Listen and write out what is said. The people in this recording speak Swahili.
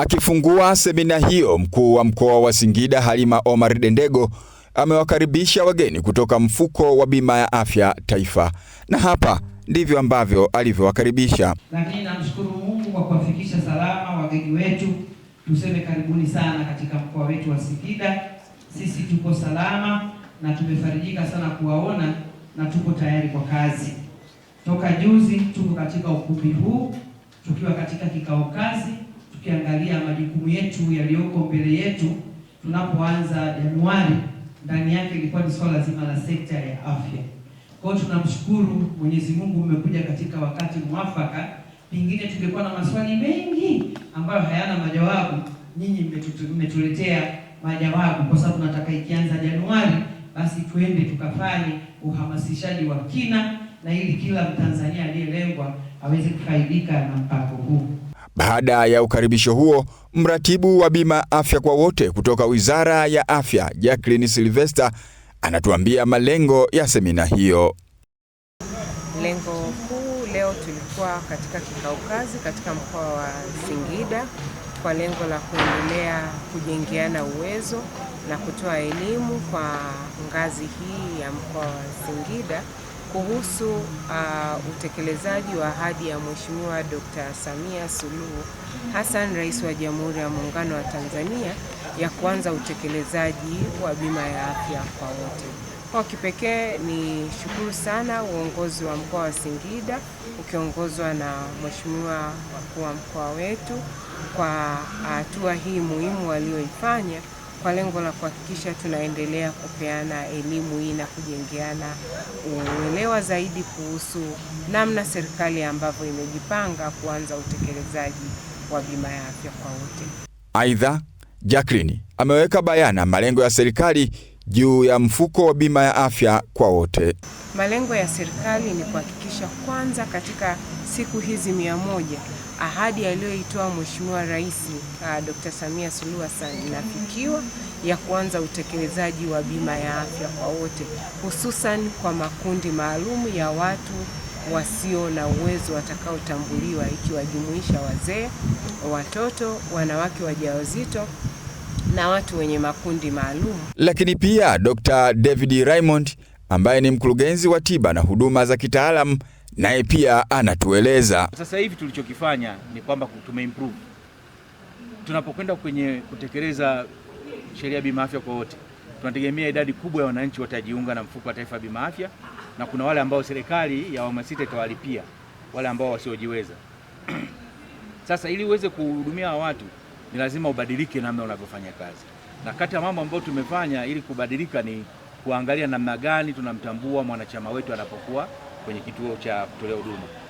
Akifungua semina hiyo, mkuu wa mkoa wa Singida Halima Omar Dendego amewakaribisha wageni kutoka mfuko wa bima ya afya taifa, na hapa ndivyo ambavyo alivyowakaribisha. Lakini namshukuru Mungu kwa kuwafikisha salama wageni wetu, tuseme karibuni sana katika mkoa wetu wa Singida. Sisi tuko salama na tumefarijika sana kuwaona na tuko tayari kwa kazi. Toka juzi tuko katika ukumbi huu tukiwa katika kikao kazi tukiangalia majukumu yetu yaliyoko mbele yetu tunapoanza Januari, ndani yake ilikuwa ni swala zima la sekta ya afya. Kwa hiyo tunamshukuru Mwenyezi Mungu, umekuja katika wakati mwafaka. Pengine tungekuwa na maswali mengi ambayo hayana majawabu, nyinyi mmetuletea majawabu, kwa sababu nataka ikianza Januari basi tuende tukafanye uhamasishaji wa kina, na ili kila Mtanzania aliyelengwa aweze kufaidika na mpango huu. Baada ya ukaribisho huo, mratibu wa bima afya kwa wote kutoka Wizara ya Afya, Jacqueline Silvester, anatuambia malengo ya semina hiyo. Lengo kuu leo tulikuwa katika kikao kazi katika mkoa wa Singida kwa lengo la kuendelea kujengeana uwezo na kutoa elimu kwa ngazi hii ya mkoa wa Singida kuhusu uh, utekelezaji wa ahadi ya Mheshimiwa Dr. Samia Suluhu Hassan, Rais wa Jamhuri ya Muungano wa Tanzania ya kuanza utekelezaji wa bima ya afya kwa wote. Kwa kipekee ni shukuru sana uongozi wa mkoa wa Singida ukiongozwa na Mheshimiwa mkuu wa mkoa wetu kwa uh, hatua hii muhimu walioifanya kwa lengo la kuhakikisha tunaendelea kupeana elimu hii na kujengeana uelewa zaidi kuhusu namna serikali ambavyo imejipanga kuanza utekelezaji wa bima ya afya kwa wote. Aidha, Jacqueline ameweka bayana malengo ya serikali juu ya mfuko wa bima ya afya kwa wote. Malengo ya serikali ni kuhakikisha kwanza, katika siku hizi mia moja ahadi aliyoitoa Mheshimiwa Rais uh, ah, Dr. Samia Suluhu Hassan inafikiwa ya kuanza utekelezaji wa bima ya afya kwa wote, hususan kwa makundi maalum ya watu wasio na uwezo watakaotambuliwa, ikiwajumuisha wazee, watoto, wanawake wajawazito na watu wenye makundi maalum. Lakini pia Dr. David Raymond ambaye ni mkurugenzi wa tiba na huduma za kitaalamu naye pia anatueleza. Sasa hivi tulichokifanya ni kwamba tumeimprove tunapokwenda kwenye kutekeleza sheria bima afya kwa wote, tunategemea idadi kubwa ya wananchi watajiunga na mfuko wa taifa wa bima afya, na kuna wale ambao serikali ya awamu sita itawalipia wale ambao wasiojiweza. Sasa ili uweze kuhudumia watu ni lazima ubadilike namna unavyofanya kazi, na kati ya mambo ambayo tumefanya ili kubadilika ni kuangalia namna gani tunamtambua mwanachama wetu anapokuwa kwenye kituo cha kutolea huduma.